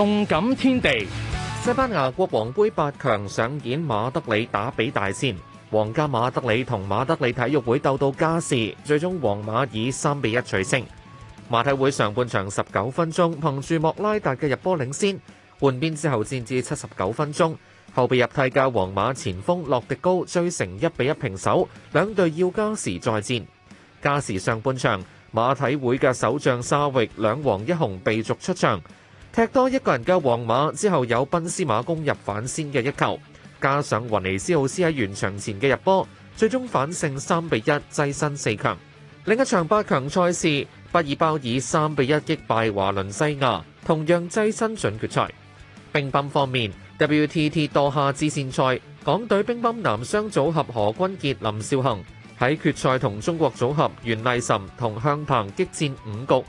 動感天地，西班牙國王杯八強上演馬德里打比大戰，皇家馬德里同馬德里體育會鬥到加時，最終皇馬以三比一取勝。馬體會上半場十九分鐘，憑住莫拉達嘅入波領先，換邊之後戰至七十九分鐘，後備入替嘅皇馬前鋒洛迪高追成一比一平手，兩隊要加時再戰。加時上半場，馬體會嘅守將沙域兩黃一紅被逐出場。踢多一個人嘅皇馬之後，有賓斯馬攻入反先嘅一球，加上雲尼斯奧斯喺完場前嘅入波，最終反勝三比一，躋身四強。另一場八強賽事，畢爾包以三比一擊敗華倫西亞，同樣躋身準決賽。乒乓方面，WTT 多哈支線賽，港隊乒乓男雙組合何君傑林少恒喺決賽同中國組合袁勵岑同向鵬激戰五局。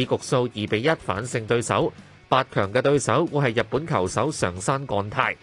以局數二比一反勝對手，八強嘅對手會係日本球手上山幹太。